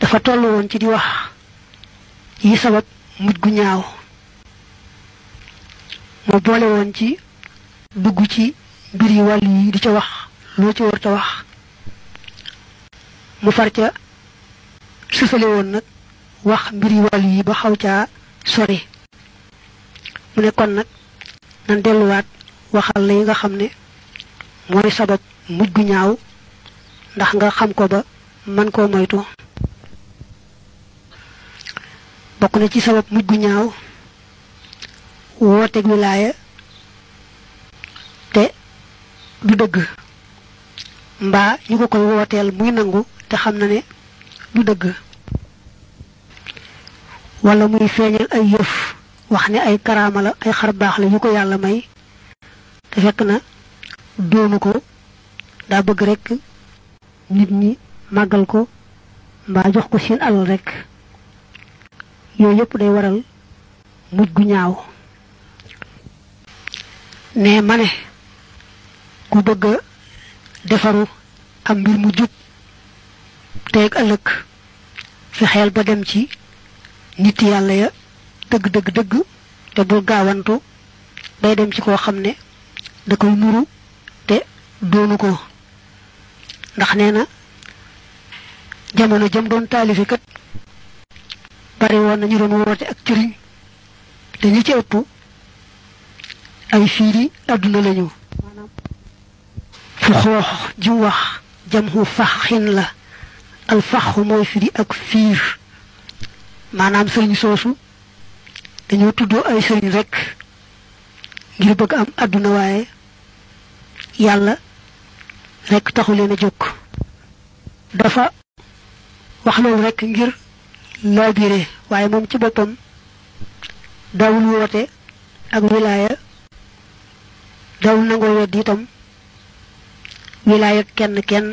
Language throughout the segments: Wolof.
dafa toll woon ci di wax yi sabab mujj gu ñaaw mu boole woon ci dugg ci mbir yi wàll yi di ca wax loo ci war ta wax mu far ca sësale woon nag wax mbir yi wàll yi ba xaw caa sori mu ne kon nag nan delluwaat waxal la yi nga xam ne mooy sabab mujj gu ñaaw ndax nga xam ko ba man koo moytu bokk na ci sabab mujj gu ñaaw wooteeg wilaaya te du dëgg mbaa ñu ko koy wooteel muy nangu te xam na ne du dëgg walla muy feeñal ay yëf wax ne ay karaama la ay xar baax la yu ko yàlla may te fekk na doonu ko daa bëgg rekk nit ñi màggal ko mbaa jox ko seen alal rekk yooyu yëpp day waral mujj gu ñaaw ne mane ne ku bëgg a defaru am mbir mu jub teeg ëllëg fi xeel ba dem ci nit yàlla ya dëgg dëgg dëgg te bul gaawantu day dem ci koo xam ne da koy nuru te doonu ko ndax nee na jamono jëm doon taalifi kat bari woon nañu doon woote ak juriñ te ñi ci ëpp ay fiiri àdduna lañu fu xoox ju wax jam xu faxin la alfaxu mooy firi ak fiir maanaam sëriñ soosu dañoo tuddoo ay sëriñ rekk ngir bëgg am àdduna waaye yàlla rekk taxu leen a jóg dafa wax rekk ngir laabire waaye moom ci boppam dawul woote ak wilaaya dawul nangoo wedd itam wilaaya kenn kenn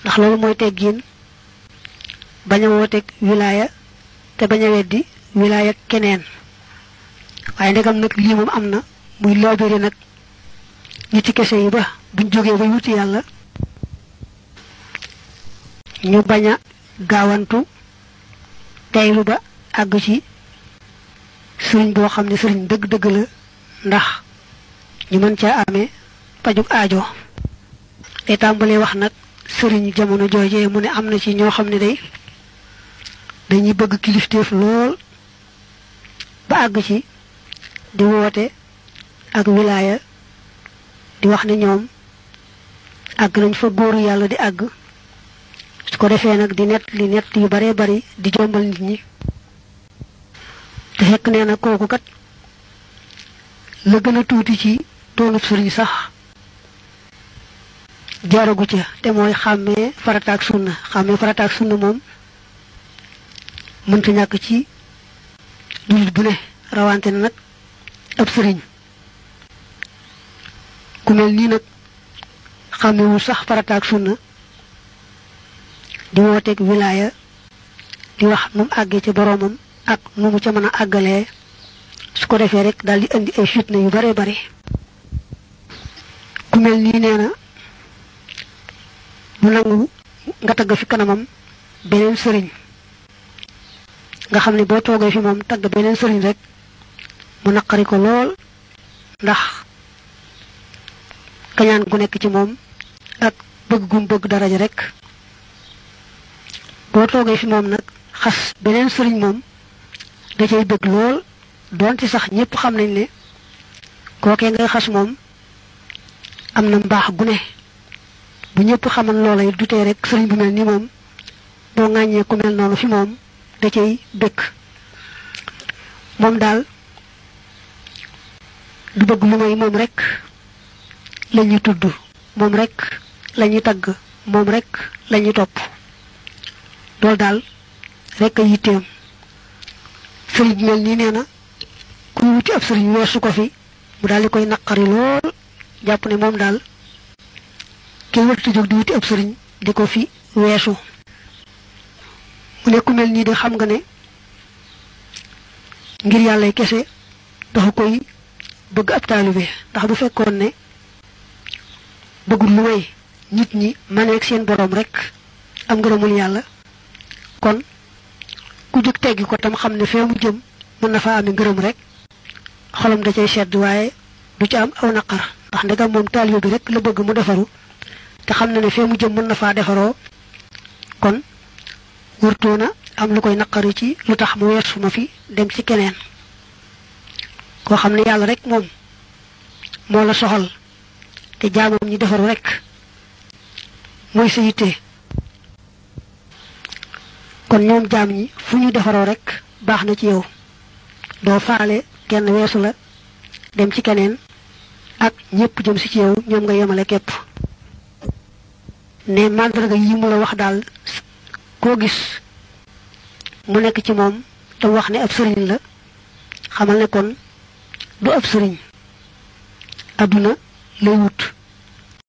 ndax loolu mooy teggiin bañ a wooteeg wilaaya te bañ a weddi wilaaya keneen waaye ndegam nag lii moom am na muy loobiri nag ñi ci kese yi ba buñ jógee ba wuti yàlla ñu bañ a gaawantu taylu ba àgg ci sëriñ boo xam ne sëriñ dëgg-dëgg la ndax ñu mën caa amee pajug aajo te tàmbalee wax nag sëriñ jamono joojee mu ne am na ci ñoo xam ne day dañuy bëgg kilifteef lool ba àgg ci di woote ak wilaaya di wax ne ñoom àgg nañ fa góoru yàlla di àgg su ko defee nag di nett li nett yu baree bari di jombal nit ñi te fekk nee na kooku kat la gën a tuuti ci doonub sëriñ sax jaaragu ca te mooy xàmmee farataak sunna xàmmee farataak sunna moom mënta ñàkk ci jullit bu ne rawante na nag ab sëriñ ku mel nii nag xàmmewul sax farataak sunna di wote wilayah di wax nu agge ci ca ak nu ci ca mën su ko defee rek dal di andi ay fitna yu bare bare ku mel ni nee na mu nangu nga tagg fi kanamam benen sëriñ nga xamni bo boo fi mom tagg benen sëriñ rek mu nakari ko lol ndax kañaan gu nek ci mom ak bëgg gum bëgg rek boo toogee fi moom nag xas beneen sëriñ moom da cay bëgg lool doonte sax ñëpp xam nañ ne kookee ngay xas moom am na mbaax gune bu ñëpp xaman loola du tee rek sëriñ bu mel ni moom boo ŋàññee ku mel noonu fi moom da cay bëgg moom daal du bëgg lu may moom rek lañuy tudd moom rek la ñuy tagg moom rek lañuy ñuy topp loolu dal rek a yitteem sëriñ bi mel nii nee ku wut ab sëriñ weesu ko fi mu dal likoy koy naqari lool jàpp ne moom daal kenn warta jog di wut ab sëriñ di ko fi weesu mu ne ku mel ni de xam nga ne ngir yàlla kese dafa koy bëgg ab taalibe ndax bu fekkon ne bëggul lu way nit ñi maneeg seen borom rek am ngërëmul yalla kon ku jóg teggi ko tam xam ne fee mu jëm mën na fa ami ngërëm rek xolam da cay sedd waaye du ci am aw naqar ndax ndegam moom taalibe bi rek la bëgg mu defaru te xam na ne fee mu jëm mën na faa defaroo kon na am lu koy naqari ci lu tax mu weesu ma fi dem ci keneen koo xam ne yàlla rek moom moo la soxal te jaamam ñi defaru rek mooy sa yitte kon ñoom jaam ñi fu ñu defaroo rek baax na ci yow doo faale kenn weesu la dem ci keneen ak ñëpp jëm si ci yow ñoom nga yemale képp ne màndarga yi mu la wax daal koo gis mu nekk ci moom te wax ne ab sëriñ la xamal ne kon du ab sëriñ àdduna lay wut